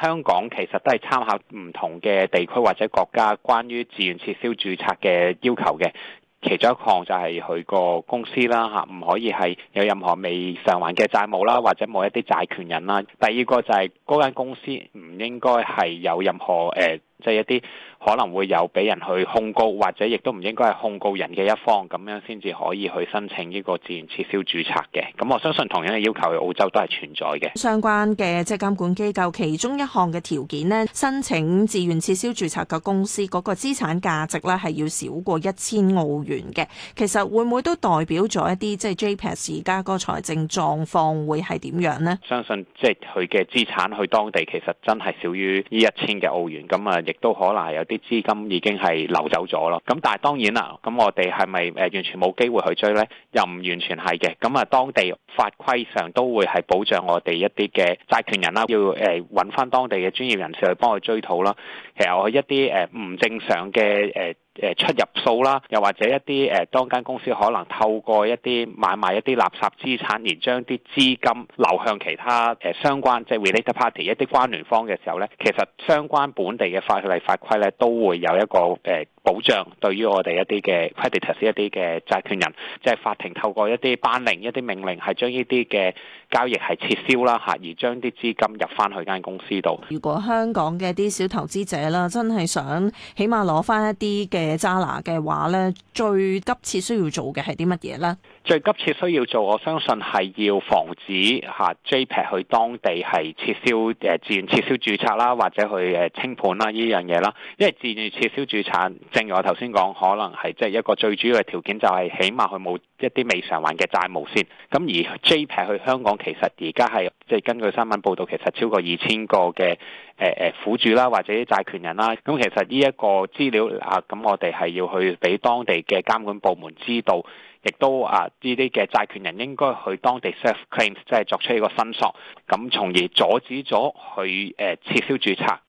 香港其實都係參考唔同嘅地區或者國家關於自願撤銷註冊嘅要求嘅，其中一項就係佢個公司啦嚇，唔可以係有任何未償還嘅債務啦，或者冇一啲債權人啦。第二個就係嗰間公司唔應該係有任何誒。呃即係一啲可能會有俾人去控告，或者亦都唔應該係控告人嘅一方，咁樣先至可以去申請呢個自願撤銷註冊嘅。咁我相信同樣嘅要求，澳洲都係存在嘅。相關嘅即係監管機構，其中一項嘅條件呢，申請自願撤銷註冊嘅公司嗰個資產價值咧係要少過一千澳元嘅。其實會唔會都代表咗一啲即係 JPEX 而家個財政狀況會係點樣呢？相信即係佢嘅資產去當地其實真係少於呢一千嘅澳元咁啊！亦都可能係有啲資金已經係流走咗咯，咁但係當然啦，咁我哋係咪誒完全冇機會去追呢？又唔完全係嘅，咁啊當地法規上都會係保障我哋一啲嘅債權人啦，要誒搵返當地嘅專業人士去幫佢追討啦。其實我一啲誒唔正常嘅誒誒出入數啦，又或者一啲誒當間公司可能透過一啲買賣一啲垃圾資產，而將啲資金流向其他誒相關即係、就是、related party 一啲關聯方嘅時候咧，其實相關本地嘅法例法規咧都會有一個誒。呃保障對於我哋一啲嘅 creditors 一啲嘅債權人，即係法庭透過一啲班令一啲命令，係將呢啲嘅交易係撤銷啦嚇，而將啲資金入翻去間公司度。如果香港嘅啲小投資者啦，真係想起碼攞翻一啲嘅渣拿嘅話咧，最急切需要做嘅係啲乜嘢咧？最急切需要做，我相信係要防止嚇 JP 去當地係撤銷誒，自願撤銷註冊啦，或者去誒清盤啦呢樣嘢啦，因為自願撤銷註冊。正如我頭先講，可能係即係一個最主要嘅條件，就係起碼佢冇一啲未償還嘅債務先。咁而 JPEX 香港其實而家係即係根據新聞報道，其實超過二千個嘅誒誒苦主啦，呃、或者債權人啦。咁其實呢一個資料啊，咁我哋係要去俾當地嘅監管部門知道，亦都啊呢啲嘅債權人應該去當地 serve claims，即係作出一個申索，咁從而阻止咗佢誒撤銷註冊。